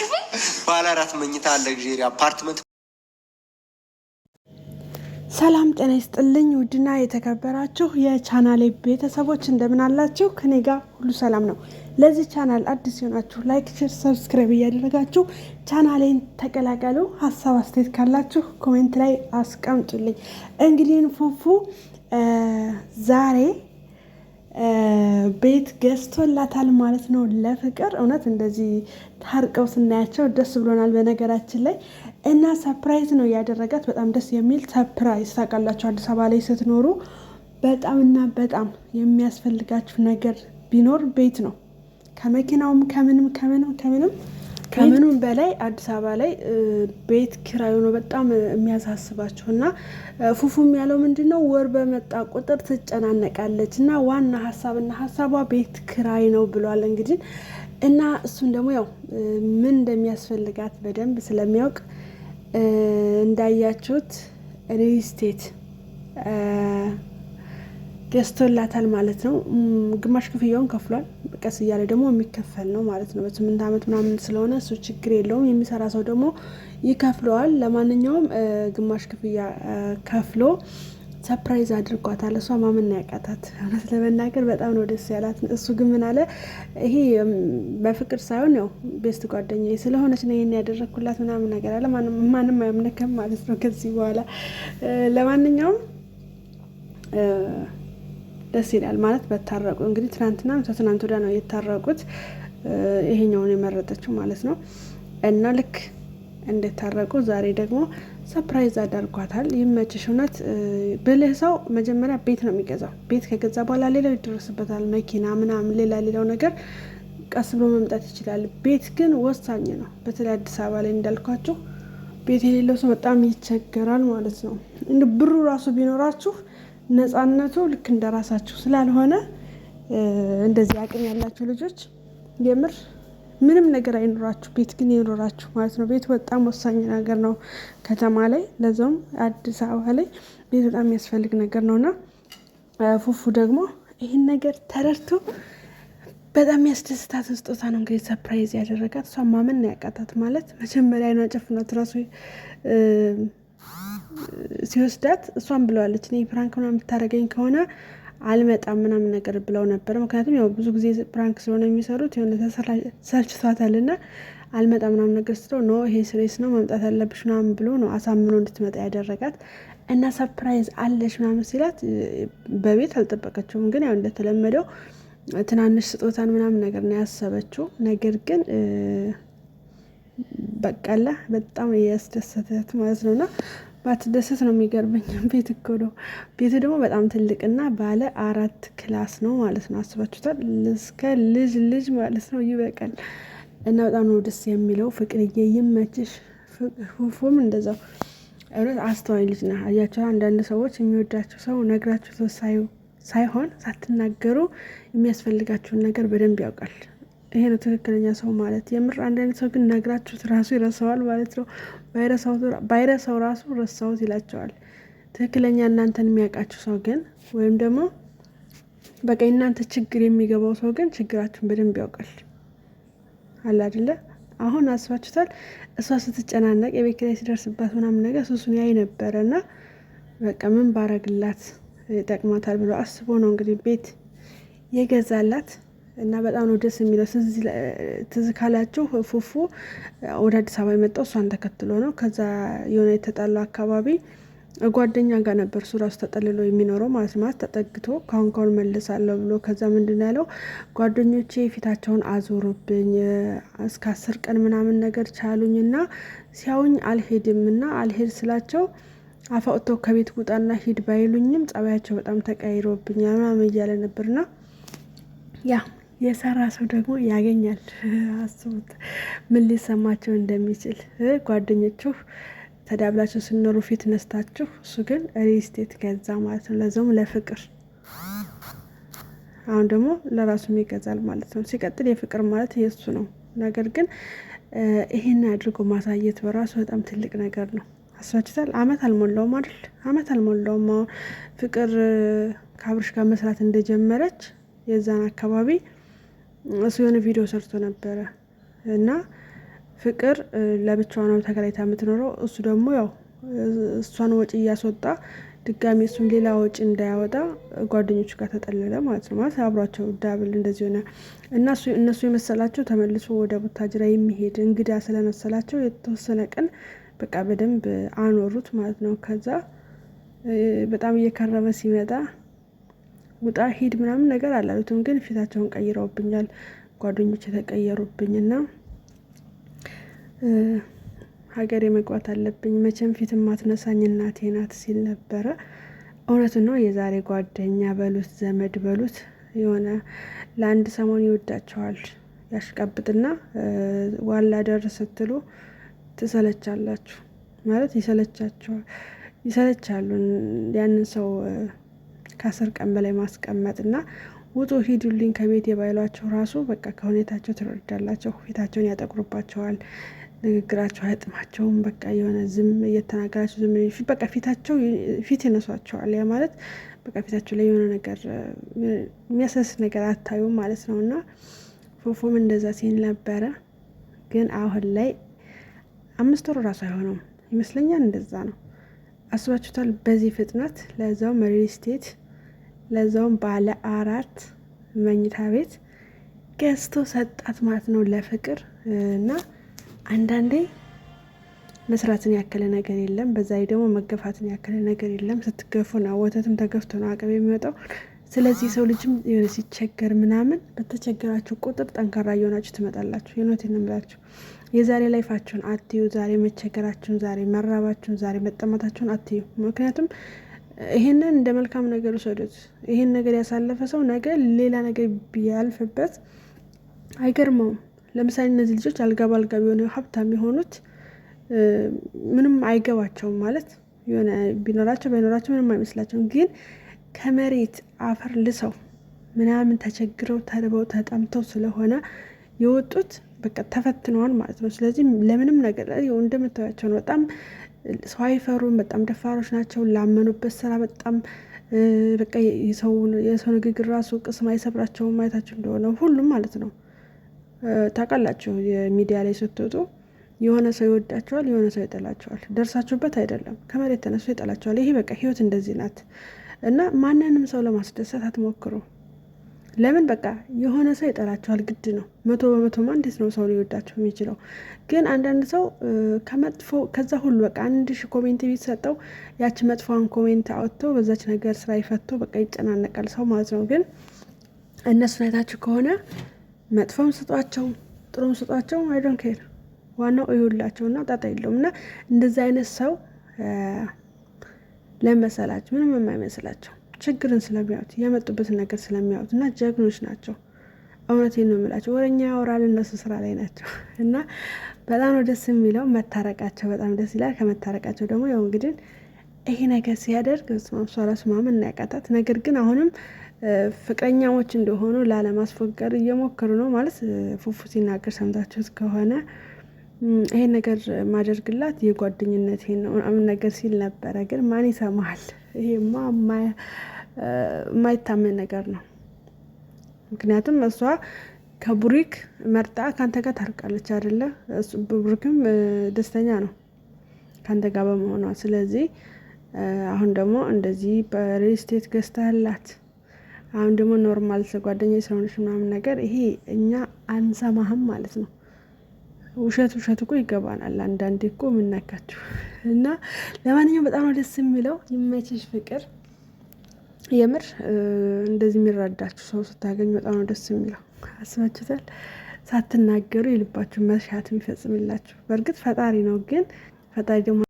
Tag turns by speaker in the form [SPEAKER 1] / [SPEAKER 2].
[SPEAKER 1] ክፍል ባለ አራት መኝታ አፓርትመንት። ሰላም ጤና ይስጥልኝ። ውድና የተከበራችሁ የቻናሌ ቤተሰቦች እንደምን አላችሁ? ከኔ ጋር ሁሉ ሰላም ነው። ለዚህ ቻናል አዲስ ሲሆናችሁ ላይክ፣ ሼር፣ ሰብስክራይብ እያደረጋችሁ ቻናሌን ተቀላቀሉ። ሀሳብ አስተያየት ካላችሁ ኮሜንት ላይ አስቀምጡልኝ። እንግዲህ ፉፉ ዛሬ ቤት ገዝቶላታል ማለት ነው ለፍቅር። እውነት እንደዚህ ታርቀው ስናያቸው ደስ ብሎናል። በነገራችን ላይ እና ሰፕራይዝ ነው ያደረጋት። በጣም ደስ የሚል ሰፕራይዝ ታውቃላችሁ፣ አዲስ አበባ ላይ ስትኖሩ በጣም እና በጣም የሚያስፈልጋችሁ ነገር ቢኖር ቤት ነው። ከመኪናውም ከምንም ከምንም ከምንም ከምኑም በላይ አዲስ አበባ ላይ ቤት ኪራዩ ነው በጣም የሚያሳስባቸው እና ፉፉም ያለው ምንድን ነው ወር በመጣ ቁጥር ትጨናነቃለች እና ዋና ሀሳብና ሀሳቧ ቤት ኪራይ ነው ብሏል እንግዲህ እና እሱን ደግሞ ያው ምን እንደሚያስፈልጋት በደንብ ስለሚያውቅ እንዳያችሁት ሪስቴት ገዝቶላታል ማለት ነው። ግማሽ ክፍያውን ከፍሏል። ቀስ እያለ ደግሞ የሚከፈል ነው ማለት ነው። በስምንት ዓመት ምናምን ስለሆነ እሱ ችግር የለውም። የሚሰራ ሰው ደግሞ ይከፍለዋል። ለማንኛውም ግማሽ ክፍያ ከፍሎ ሰፕራይዝ አድርጓታል። እሷ ማመን ያቃታት እውነት ለመናገር በጣም ነው ደስ ያላት። እሱ ግን ምን አለ፣ ይሄ በፍቅር ሳይሆን ያው ቤስት ጓደኛ ስለሆነች ነው ይህን ያደረግኩላት ምናምን ነገር አለ። ማንም አያምነከም ማለት ነው ከዚህ በኋላ ለማንኛውም ደስ ይላል ማለት በታረቁ። እንግዲህ ትናንትና ከትናንት ወዲያ ነው የታረቁት፣ ይሄኛውን የመረጠችው ማለት ነው። እና ልክ እንደታረቁ ዛሬ ደግሞ ሰፕራይዝ አዳርጓታል። ይመችሽ። እውነት ብልህ ሰው መጀመሪያ ቤት ነው የሚገዛው። ቤት ከገዛ በኋላ ሌላው ይደረስበታል፣ መኪና ምናምን፣ ሌላ ሌላው ነገር ቀስ ብሎ መምጣት ይችላል። ቤት ግን ወሳኝ ነው። በተለይ አዲስ አበባ ላይ እንዳልኳችሁ ቤት የሌለው ሰው በጣም ይቸገራል ማለት ነው። ብሩ ራሱ ቢኖራችሁ ነፃነቱ ልክ እንደ ራሳችሁ ስላልሆነ እንደዚህ አቅም ያላችሁ ልጆች የምር ምንም ነገር አይኖራችሁ፣ ቤት ግን ይኖራችሁ ማለት ነው። ቤት በጣም ወሳኝ ነገር ነው። ከተማ ላይ ለዛውም አዲስ አበባ ላይ ቤት በጣም የሚያስፈልግ ነገር ነው እና ፉፉ ደግሞ ይህን ነገር ተረድቶ በጣም ያስደስታት ስጦታ ነው እንግዲህ ሰፕራይዝ ያደረጋት። እሷ ማመን ያቃታት ማለት መጀመሪያ አይኗ ጨፍናት ራሱ ሲወስዳት እሷም ብለዋለች እኔ ፕራንክ ምናምን የምታደርገኝ ከሆነ አልመጣም ምናምን ነገር ብለው ነበር። ምክንያቱም ያው ብዙ ጊዜ ፕራንክ ስለሆነ የሚሰሩት የሆነ ተሰልችቷታል እና አልመጣ ምናምን ነገር ስለው ኖ ይሄ ስሬስ ነው መምጣት አለብሽ ምናምን ብሎ ነው አሳምኖ እንድትመጣ ያደረጋት እና ሰፕራይዝ አለሽ ምናምን ሲላት በቤት አልጠበቀችውም። ግን ያው እንደተለመደው ትናንሽ ስጦታን ምናምን ነገር ነው ያሰበችው። ነገር ግን በቃላ በጣም ያስደሰተት ማለት ነውና ባትደሰት ነው የሚገርመኝ። ቤት እኮ ነው። ቤቱ ደግሞ በጣም ትልቅና ባለ አራት ክላስ ነው ማለት ነው። አስባችሁታል? እስከ ልጅ ልጅ ማለት ነው። ይበቃል። እና በጣም ነው ደስ የሚለው። ፍቅርዬ ይመችሽ። ፉፉም እንደዛው እውነት አስተዋይ ልጅ ና አያቸው። አንዳንድ ሰዎች የሚወዳቸው ሰው ነግራችሁ ሳይሆን ሳትናገሩ የሚያስፈልጋቸውን ነገር በደንብ ያውቃል። ይሄ ነው ትክክለኛ ሰው ማለት የምር። አንዳንድ ሰው ግን ነግራችሁት ራሱ ይረሰዋል ማለት ነው። ባይረሳው ራሱ ረሳውት ይላቸዋል። ትክክለኛ እናንተን የሚያውቃችሁ ሰው ግን ወይም ደግሞ በቃ እናንተ ችግር የሚገባው ሰው ግን ችግራችሁን በደንብ ያውቃል። አለ አይደለ? አሁን አስባችሁታል። እሷ ስትጨናነቅ የቤት ኪራይ ሲደርስባት ምናምን ነገር ሱሱን ያይ ነበረ እና በቃ ምን ባረግላት ይጠቅማታል ብሎ አስቦ ነው እንግዲህ ቤት የገዛላት። እና በጣም ነው ደስ የሚለው። ትዝ ካላችሁ ፉፉ ወደ አዲስ አበባ የመጣው እሷን ተከትሎ ነው። ከዛ የሆነ የተጣላው አካባቢ ጓደኛ ጋር ነበር እሱ ራሱ ተጠልሎ የሚኖረው ማለት ማለት ተጠግቶ ካሁን ካሁን መልሳለሁ ብሎ ከዛ ምንድን ያለው ጓደኞቼ ፊታቸውን አዞሩብኝ እስከ አስር ቀን ምናምን ነገር ቻሉኝ እና ሲያውኝ አልሄድም እና አልሄድ ስላቸው አፋውጥተው ከቤት ውጣና ሂድ ባይሉኝም ጸባያቸው በጣም ተቀይሮብኛል ምናምን እያለ ነበርና ያ የሰራ ሰው ደግሞ ያገኛል። አስቡት ምን ሊሰማቸው እንደሚችል ጓደኞቹ ተዳብላችሁ ስኖሩ ፊት ነስታችሁ፣ እሱ ግን ሪስቴት ገዛ ማለት ነው። ለዛውም ለፍቅር አሁን ደግሞ ለራሱም ይገዛል ማለት ነው። ሲቀጥል የፍቅር ማለት የሱ ነው። ነገር ግን ይሄን አድርጎ ማሳየት በራሱ በጣም ትልቅ ነገር ነው። አስባችታል። አመት አልሞላውም አይደል? አመት አልሞላውም ፍቅር ከአብርሽ ጋር መስራት እንደጀመረች የዛን አካባቢ እሱ የሆነ ቪዲዮ ሰርቶ ነበረ እና ፍቅር ለብቻዋ ነው ተከራይታ የምትኖረው። እሱ ደግሞ ያው እሷን ወጪ እያስወጣ ድጋሚ እሱን ሌላ ወጪ እንዳያወጣ ጓደኞቹ ጋር ተጠለለ ማለት ነው። ማለት አብሯቸው ዳብል እንደዚህ ሆነ እና እነሱ የመሰላቸው ተመልሶ ወደ ቡታጅራ የሚሄድ እንግዳ ስለመሰላቸው የተወሰነ ቀን በቃ በደንብ አኖሩት ማለት ነው። ከዛ በጣም እየከረመ ሲመጣ ውጣ ሂድ ምናምን ነገር አላሉትም፣ ግን ፊታቸውን ቀይረውብኛል ጓደኞች የተቀየሩብኝ እና ሀገሬ መግባት አለብኝ መቼም ፊት ማትነሳኝ እናቴ ናት ሲል ነበረ። እውነት ነው። የዛሬ ጓደኛ በሉት ዘመድ በሉት የሆነ ለአንድ ሰሞን ይወዳቸዋል ያሽቀብጥና ዋላ ደር ስትሉ ትሰለቻላችሁ ማለት ይሰለቻቸዋል ይሰለቻሉ ያንን ሰው ከአስር ቀን በላይ ማስቀመጥ እና ውጡ ሂዱልኝ ከቤት የባይሏቸው ራሱ በቃ ከሁኔታቸው ትረዳላቸው። ፊታቸውን ያጠቁርባቸዋል። ንግግራቸው አያጥማቸውም በቃ የሆነ ዝም እየተናገራቸው ዝም በቃ ፊታቸው ፊት ይነሷቸዋል። ያ ማለት በቃ ፊታቸው ላይ የሆነ ነገር የሚያሰስ ነገር አታዩም ማለት ነው። እና ፎፎም እንደዛ ሲል ነበረ። ግን አሁን ላይ አምስት ወር እራሱ አይሆነውም ይመስለኛል። እንደዛ ነው አስባችሁታል? በዚህ ፍጥነት ለዛው መሪል ስቴት ለዛውም ባለ አራት መኝታ ቤት ገዝቶ ሰጣት ማለት ነው ለፍቅር። እና አንዳንዴ መስራትን ያከለ ነገር የለም። በዛ ላይ ደግሞ መገፋትን ያከለ ነገር የለም። ስትገፉ ነው ወተትም ተገፍቶ ነው አቅም የሚመጣው። ስለዚህ ሰው ልጅም የሆነ ሲቸገር ምናምን በተቸገራችሁ ቁጥር ጠንካራ እየሆናችሁ ትመጣላችሁ። የኖት እንምላችሁ የዛሬ ላይፋችሁን አትዩ። ዛሬ መቸገራችሁን፣ ዛሬ መራባችሁን፣ ዛሬ መጠማታችሁን አትዩ። ምክንያቱም ይሄንን እንደ መልካም ነገር ውሰዱት። ይሄን ነገር ያሳለፈ ሰው ነገ ሌላ ነገር ቢያልፍበት አይገርመውም። ለምሳሌ እነዚህ ልጆች አልጋ ባልጋ ቢሆነ ሀብታም የሆኑት ምንም አይገባቸውም ማለት የሆነ ቢኖራቸው ባይኖራቸው ምንም አይመስላቸውም። ግን ከመሬት አፈር ልሰው ምናምን ተቸግረው ተርበው ተጠምተው ስለሆነ የወጡት በቃ ተፈትነዋል ማለት ነው። ስለዚህ ለምንም ነገር እንደምታያቸው ነው በጣም ሰው አይፈሩም። በጣም ደፋሮች ናቸው። ላመኑበት ስራ በጣም በቃ የሰው ንግግር ራሱ ቅስም አይሰብራቸውም። ማየታቸው እንደሆነ ሁሉም ማለት ነው። ታውቃላችሁ የሚዲያ ላይ ስትወጡ የሆነ ሰው ይወዳቸዋል፣ የሆነ ሰው ይጠላቸዋል። ደርሳችሁበት አይደለም ከመሬት ተነሱ ይጠላቸዋል። ይሄ በቃ ህይወት እንደዚህ ናት እና ማንንም ሰው ለማስደሰት አትሞክሩ። ለምን በቃ የሆነ ሰው ይጠላቸዋል፣ ግድ ነው። መቶ በመቶማ እንዴት ነው ሰው ሊወዳቸው የሚችለው? ግን አንዳንድ ሰው ከመጥፎ ከዛ ሁሉ በቃ አንድ ሺ ኮሜንት ቢሰጠው ያቺ መጥፎን ኮሜንት አወጥቶ በዛች ነገር ስራ ይፈቶ በቃ ይጨናነቃል ሰው ማለት ነው። ግን እነሱን አይታችሁ ከሆነ መጥፎም ስጧቸው፣ ጥሩም ስጧቸው አይዶን ኬር ዋናው እዩላቸው እና ጣጣ የለውም። እና እንደዚህ አይነት ሰው ለመሰላችሁ ምንም የማይመስላቸው ችግርን ስለሚያዩት የመጡበትን ነገር ስለሚያዩት እና ጀግኖች ናቸው። እውነቴን ነው የምላቸው። ወረኛ ያወራል፣ እነሱ ስራ ላይ ናቸው እና በጣም ነው ደስ የሚለው። መታረቃቸው በጣም ደስ ይላል። ከመታረቃቸው ደግሞ ያው እንግዲህ ይሄ ነገር ሲያደርግ እሷ ራሱ ማመን ነገር ግን አሁንም ፍቅረኛሞች እንደሆኑ ላለማስፎገር እየሞከሩ ነው ማለት ፉፉ ሲናገር ሰምታችሁት ከሆነ ይሄን ነገር ማደርግላት የጓደኝነት ነገር ሲል ነበረ። ግን ማን ይሰማል? ይሄማ የማይታመን ነገር ነው። ምክንያቱም እሷ ከቡሪክ መርጣ ከአንተ ጋር ታርቃለች አይደለ? ቡሪክም ደስተኛ ነው ከአንተ ጋር በመሆኗ። ስለዚህ አሁን ደግሞ እንደዚህ በሪል ስቴት ገዝተህላት አሁን ደግሞ ኖርማል ጓደኛ ስለሆነች ምናምን ነገር ይሄ እኛ አንሰማህም ማለት ነው። ውሸት ውሸት እኮ ይገባናል። አንዳንዴ እኮ የምናካችሁ እና ለማንኛውም በጣም ነው ደስ የሚለው። ይመችሽ ፍቅር የምር እንደዚህ የሚረዳችሁ ሰው ስታገኝ በጣም ነው ደስ የሚለው። አስመችታል ሳትናገሩ የልባችሁ መሻት የሚፈጽምላችሁ በእርግጥ ፈጣሪ ነው። ግን ፈጣሪ ደግሞ